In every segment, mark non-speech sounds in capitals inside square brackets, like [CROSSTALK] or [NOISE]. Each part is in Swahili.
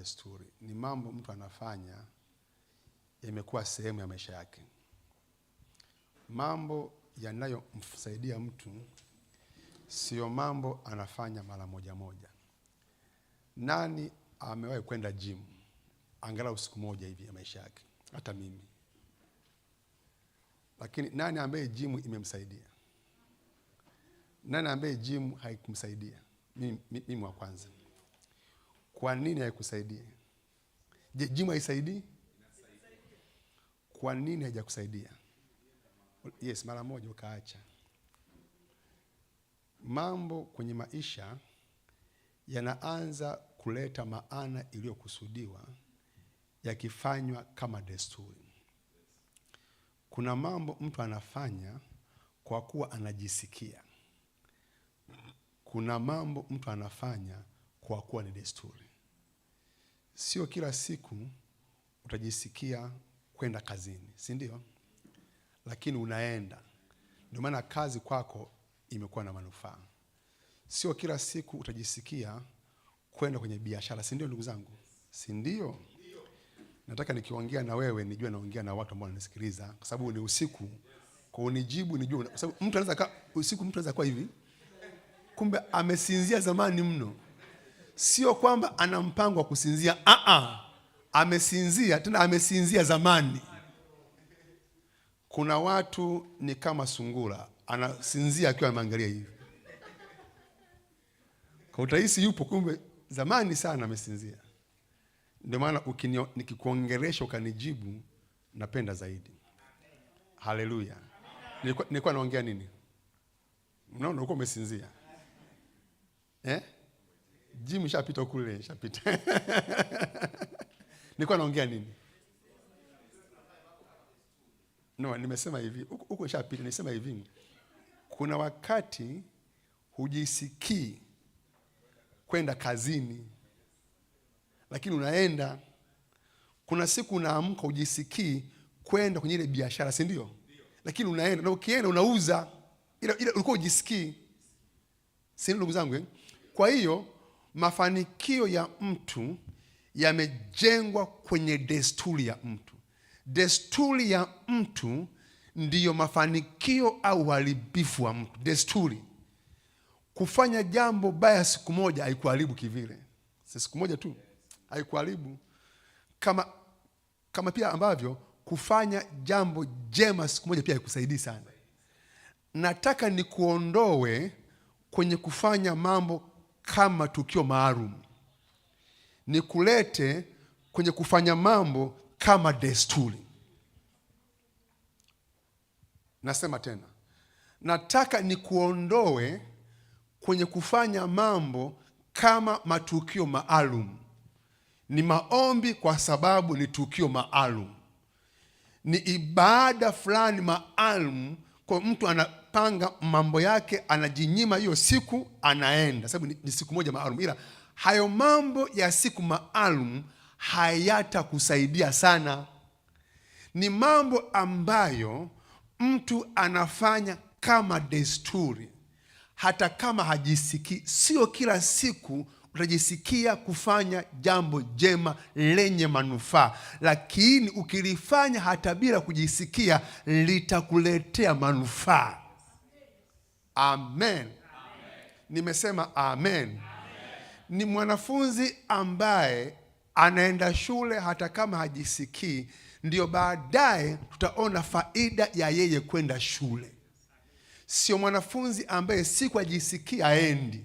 desturi, ni mambo mtu anafanya yamekuwa sehemu ya maisha yake, mambo yanayomsaidia mtu, sio mambo anafanya mara moja moja. Nani amewahi kwenda gym angalau siku moja hivi ya maisha yake? Hata mimi. Lakini nani ambaye gym imemsaidia? Nani ambaye gym haikumsaidia? Mimi, mimi wa kwanza. Kwa nini haikusaidii? Je, jimu haisaidii? Kwa nini haijakusaidia? Yes, mara moja ukaacha. Mambo kwenye maisha yanaanza kuleta maana iliyokusudiwa yakifanywa kama desturi. Kuna mambo mtu anafanya kwa kuwa anajisikia. Kuna mambo mtu anafanya kwa kuwa ni desturi. Sio kila siku utajisikia kwenda kazini, si ndio? Lakini unaenda, ndio maana kazi kwako imekuwa na manufaa. Sio kila siku utajisikia kwenda kwenye biashara, si ndio? Ndugu zangu, si ndio? Nataka nikiongea na wewe nijue naongea na watu ambao wananisikiliza, kwa sababu ni usiku. Kwa unijibu nijue, kwa sababu mtu anaweza usiku, mtu anaweza kuwa hivi, kumbe amesinzia zamani mno sio kwamba ana mpango wa kusinzia. Aa, amesinzia tena, amesinzia zamani. Kuna watu ni kama sungura, anasinzia akiwa ameangalia hivi, kwa utahisi yupo, kumbe zamani sana amesinzia. Ndio maana nikikuongeresha ukanijibu, napenda zaidi. Haleluya! Nilikuwa naongea nini? Mnaona, ulikuwa umesinzia eh? Jimu ishapita kule, ishapita. [LAUGHS] Nilikuwa naongea nini? No, nimesema hivi huko ishapita. Nimesema hivi, kuna wakati hujisikii kwenda kazini, lakini unaenda. Kuna siku unaamka hujisikii kwenda kwenye ile biashara, si ndio? Lakini unaenda na ukienda unauza, ila ulikuwa ujisikii si ndugu zangu eh? Kwa hiyo Mafanikio ya mtu yamejengwa kwenye desturi ya mtu. Desturi ya mtu ndiyo mafanikio au uharibifu wa mtu. Desturi, kufanya jambo baya siku moja haikuharibu kivile, si siku moja tu haikuharibu, kama kama pia ambavyo kufanya jambo jema siku moja pia haikusaidii sana. Nataka nikuondoe kwenye kufanya mambo kama tukio maalum, nikulete kwenye kufanya mambo kama desturi. Nasema tena, nataka nikuondoe kwenye kufanya mambo kama matukio maalum. Ni maombi kwa sababu ni tukio maalum, ni ibada fulani maalum kwa mtu ana anapanga mambo yake, anajinyima hiyo siku, anaenda sababu ni, ni siku moja maalum. Ila hayo mambo ya siku maalum hayatakusaidia sana. Ni mambo ambayo mtu anafanya kama desturi, hata kama hajisikii. Sio kila siku utajisikia kufanya jambo jema lenye manufaa, lakini ukilifanya hata bila kujisikia, litakuletea manufaa. Amen, Nimesema amen, amen. Ni mwanafunzi ambaye anaenda shule hata kama hajisikii, ndio baadaye tutaona faida ya yeye kwenda shule. Sio mwanafunzi ambaye siku ajisikia aendi,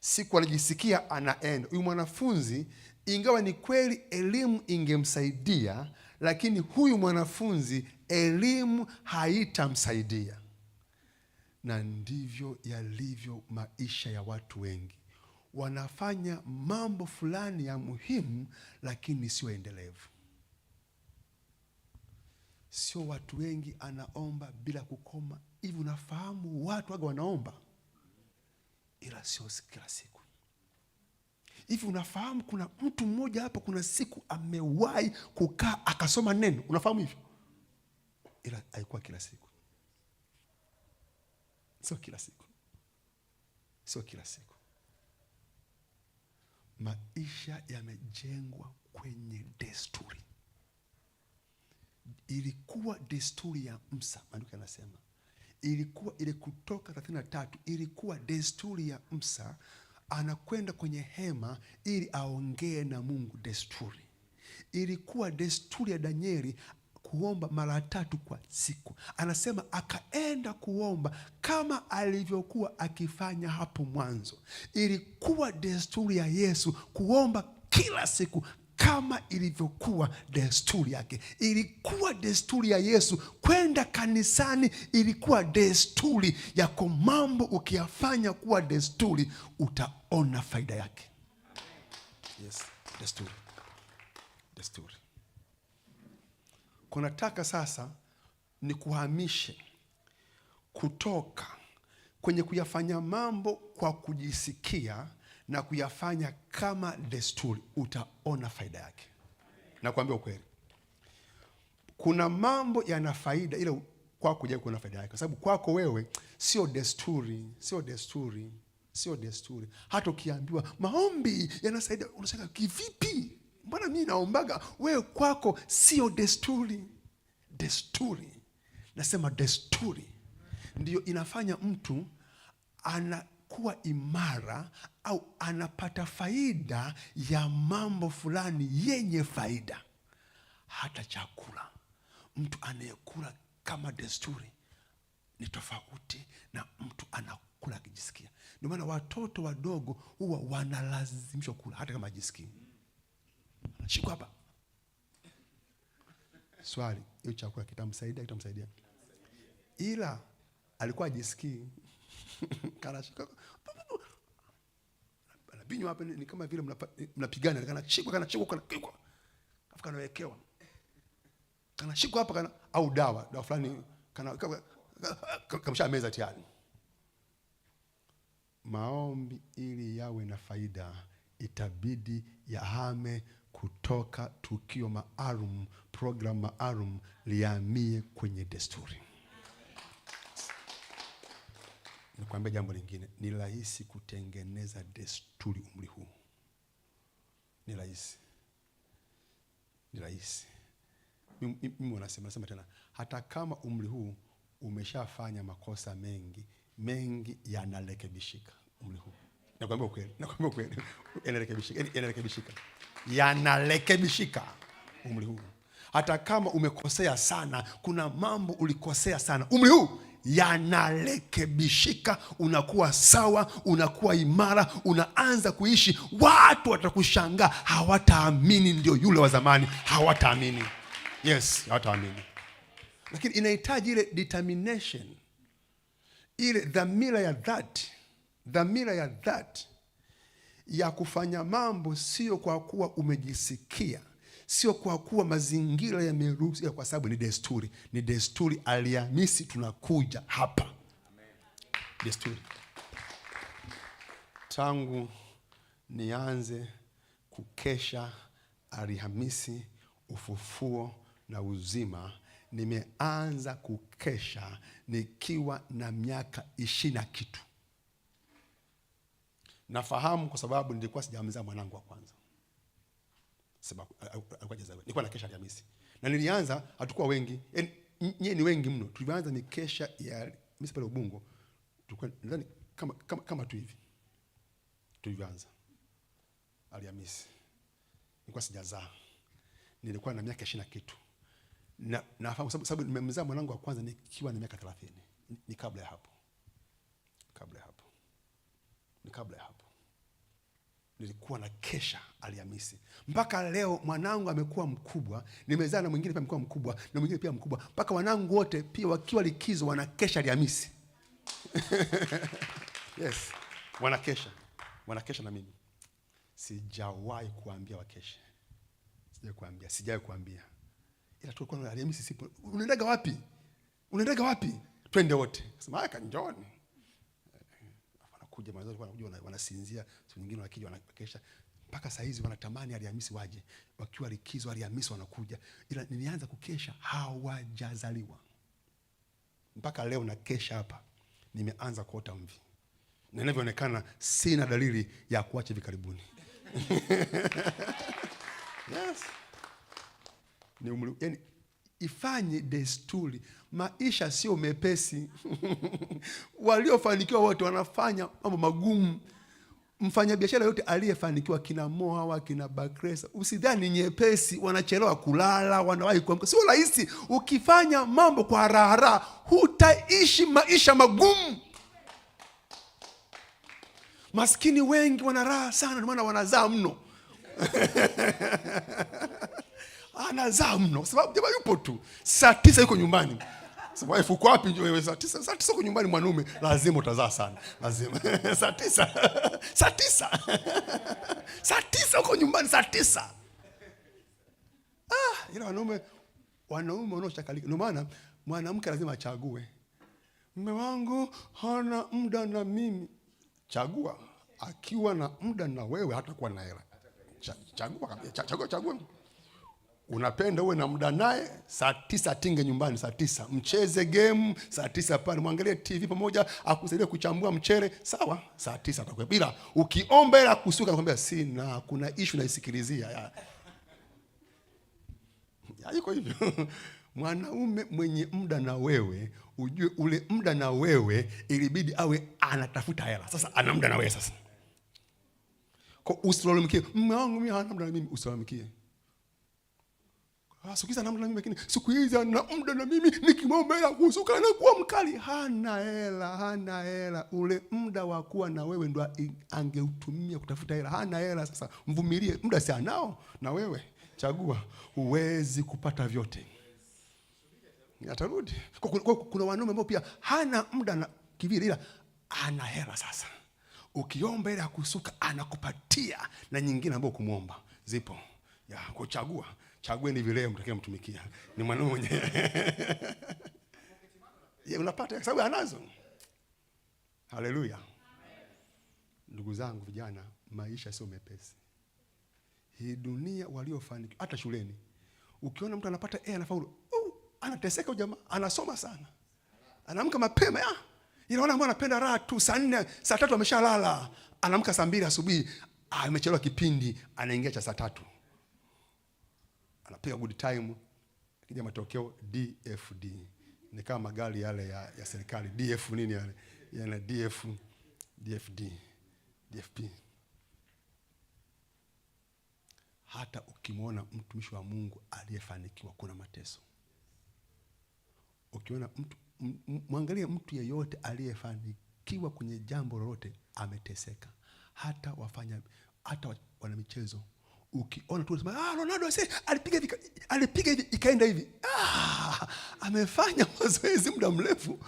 siku anajisikia anaenda. Huyu mwanafunzi ingawa ni kweli elimu ingemsaidia, lakini huyu mwanafunzi elimu haitamsaidia na ndivyo yalivyo maisha ya watu wengi. Wanafanya mambo fulani ya muhimu, lakini sio endelevu. Sio watu wengi anaomba bila kukoma hivi. Unafahamu watu waga wanaomba, ila sio kila siku hivi. Unafahamu kuna mtu mmoja hapa, kuna siku amewahi kukaa akasoma neno, unafahamu hivyo, ila haikuwa kila siku. Sio kila siku, sio kila siku. Maisha yamejengwa kwenye desturi. Ilikuwa desturi ya Musa, maandiko yanasema ilikuwa ile Kutoka thelathini na tatu ilikuwa desturi ya Musa, anakwenda kwenye hema ili aongee na Mungu, desturi ilikuwa desturi ya Danieli kuomba mara tatu kwa siku. Anasema akaenda kuomba kama alivyokuwa akifanya hapo mwanzo. Ilikuwa desturi ya Yesu kuomba kila siku kama ilivyokuwa desturi yake. Ilikuwa desturi ya Yesu kwenda kanisani, ilikuwa desturi yako. Mambo ukiyafanya kuwa desturi, utaona faida yake. Yes, desturi, desturi kunataka sasa ni kuhamishe kutoka kwenye kuyafanya mambo kwa kujisikia na kuyafanya kama desturi. Utaona faida yake, nakwambia ukweli. Kuna mambo yana faida, ila kwako je, kuna faida yake? Kwa sababu kwako wewe sio desturi, sio desturi, sio desturi. Hata ukiambiwa maombi yanasaidia, unasema kivipi? Mbona mii naombaga, wewe kwako sio desturi. Desturi nasema desturi ndiyo inafanya mtu anakuwa imara au anapata faida ya mambo fulani yenye faida. Hata chakula, mtu anayekula kama desturi ni tofauti na mtu anakula akijisikia. Ndio maana watoto wadogo huwa wanalazimishwa kula hata kama ajisikii. Shika hapa. Swali, hiyo chakula kitamsaidia kitamsaidia? Ila alikuwa ajisikii. [LAUGHS] Kana shika. Binyo hapa ni kama vile mnapigana kana shikwa kana shikwa kana kikwa. Afu kanawekewa. Kana shikwa hapa kana au dawa, dawa fulani kana kamsha meza tayari. Maombi ili yawe na faida itabidi yahame kutoka tukio maalum, programu maalum, liamie kwenye desturi. nikwambia jambo lingine, ni rahisi kutengeneza desturi umri huu, ni rahisi, ni rahisi. Mimi wanasema nasema tena, hata kama umri huu umeshafanya makosa mengi mengi, yanarekebishika umri huu. Nakwambia ukweli, nakwambia ukweli, yanarekebishika, yanarekebishika, yanarekebishika umri huu. Hata kama umekosea sana, kuna mambo ulikosea sana, umri huu yanarekebishika. Unakuwa sawa, unakuwa imara, unaanza kuishi. Watu watakushangaa, hawataamini ndio yule wa zamani, hawataamini. Yes, hawataamini, lakini inahitaji ile determination, ile dhamira ya dhati dhamira ya dhati ya kufanya mambo, sio kwa kuwa umejisikia, sio kwa kuwa mazingira yameruhusu, kwa sababu ni desturi. Ni desturi, Alhamisi tunakuja hapa. Amen. Desturi tangu nianze kukesha Alhamisi, ufufuo na uzima, nimeanza kukesha nikiwa na miaka ishirini na kitu Nafahamu kwa sababu nilikuwa sijamzaa mwanangu wa kwanza, sababu alikuwa Jezabeli. Nilikuwa na kesha Alhamisi na nilianza, hatukuwa wengi, nyie ni wengi mno. tulianza ni kesha ya misi pale Ubungo, tulikuwa nadhani kama kama kama tu hivi tulivyoanza Alhamisi. Nilikuwa sijazaa, nilikuwa na miaka ishirini na kitu na nafahamu sababu, nimemzaa mwanangu wa kwanza nikiwa na miaka 30 ni kabla ya hapo, kabla ya hapo ni kabla ya hapo, nilikuwa na kesha Alhamisi mpaka leo. Mwanangu amekuwa mkubwa, nimezaa na mwingine pia amekuwa mkubwa na mwingine pia mkubwa, mpaka wanangu wote pia wakiwa likizo wanakesha Alhamisi [LAUGHS] yes, wanakesha wanakesha na mimi sijawahi kuambia wakeshe, sijawahi kuambia, sijawahi kuambia, ila tulikuwa Alhamisi sipo, unaendaga wapi? Unaendaga wapi? Twende wote. Sema aka, njoni wanakuja mazazi wanakuja wanasinzia, siku nyingine wakija wanakesha mpaka saa hizi wanatamani Alhamisi waje, wakiwa likizo Alhamisi wanakuja, ila nilianza kukesha, hawajazaliwa mpaka leo na kesha hapa, nimeanza kuota mvi na inavyoonekana sina dalili ya kuacha hivi karibuni. [LAUGHS] yes. ni umri, yani ifanye desturi. Maisha sio mepesi [LAUGHS] waliofanikiwa wote wanafanya mambo magumu. Mfanyabiashara yote aliyefanikiwa, kina wa kina Bakresa, usidhani nyepesi. Wanachelewa kulala, wanawahi kuamka, sio rahisi. Ukifanya mambo kwa raharaha, hutaishi maisha magumu. Maskini wengi wana raha sana, ndio maana wanazaa mno [LAUGHS] anazaa mno, kwa sababu jamaa yupo tu, saa tisa yuko nyumbani. Wife uko wapi? Wewe saa tisa, saa tisa uko nyumbani. Mwanaume lazima utazaa sana, lazima [LAUGHS] saa tisa, [LAUGHS] saa tisa, [LAUGHS] saa tisa uko nyumbani saa tisa. Ah, ila wanaume wanaume wanaoshakalika. Ndio maana mwanamke lazima achague, mume wangu hana muda na mimi. Chagua, akiwa na muda na wewe hatakuwa na hela. Chagua, chagua, chagua. Unapenda uwe na muda naye, saa tisa atinge nyumbani, saa tisa mcheze game, saa tisa pale mwangalie TV pamoja, akusaidie kuchambua mchere, sawa, saa tisa atakuwepo. Bila ukiomba ila kusuka, anakuambia sina, kuna ishu naisikilizia. Haiko hivyo. [LAUGHS] Mwanaume mwenye muda na wewe, ujue ule muda na wewe ilibidi awe anatafuta hela, sasa ana muda na wewe sasa. Kwa usilalamkie wangu mimi hana muda na mimi, usilalamkie Ah, sikiza na mimi lakini siku hizi ana muda na mimi nikimwomba hela kusuka na kuwa mkali. Hana hela, hana hela. Ule muda wa kuwa na wewe ndo angeutumia kutafuta hela. Hana hela sasa. Mvumilie, muda si anao na wewe. Chagua, huwezi kupata vyote. Atarudi. Kuna wanaume ambao pia hana muda na kivili ila ana hela sasa. Ukiomba hela kusuka anakupatia na nyingine ambayo kumwomba. Zipo. Ya, kuchagua chagueni vileo mtakie mtumikia, ni mwanaume mwenyewe [LAUGHS] yeah, unapata kwa sababu anazo. Haleluya ndugu zangu, vijana, maisha sio mepesi hii dunia. Waliofanikiwa hata shuleni, ukiona mtu anapata A e, anafaulu, uh, anateseka jamaa, anasoma sana, anaamka mapema ya ah, inaona mbona anapenda raha tu, saa nne saa tatu ameshalala, anaamka saa mbili asubuhi, amechelewa kipindi, anaingia cha saa tatu anapiga good time, akija matokeo DFD ni kama magari yale ya, ya serikali DF nini yale yana DF DFD DFP. Hata ukimwona mtumishi wa Mungu aliyefanikiwa kuna mateso. Ukiona mtu mwangalie mtu yeyote aliyefanikiwa kwenye jambo lolote ameteseka, hata wafanya hata wana michezo ukiona tu unasema ah, Ronaldo se alipiga hivi alipiga hivi ikaenda hivi. Ah, amefanya [LAUGHS] mazoezi muda mrefu.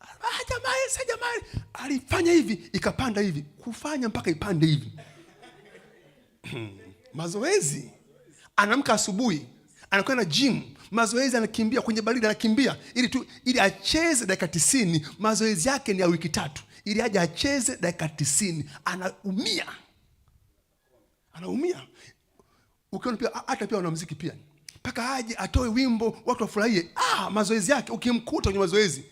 Ah, jamaa sasa, jamaa alifanya hivi ikapanda hivi, kufanya mpaka ipande hivi hmm, mazoezi. Anamka asubuhi, anakwenda gym mazoezi, anakimbia kwenye baridi, anakimbia ili tu ili acheze dakika 90 Mazoezi yake ni ya wiki tatu, ili aje acheze dakika 90 Anaumia, anaumia ukiona pia hata pia muziki pia mpaka aje atoe wimbo watu wafurahie. Ah, mazoezi yake ukimkuta kwenye mazoezi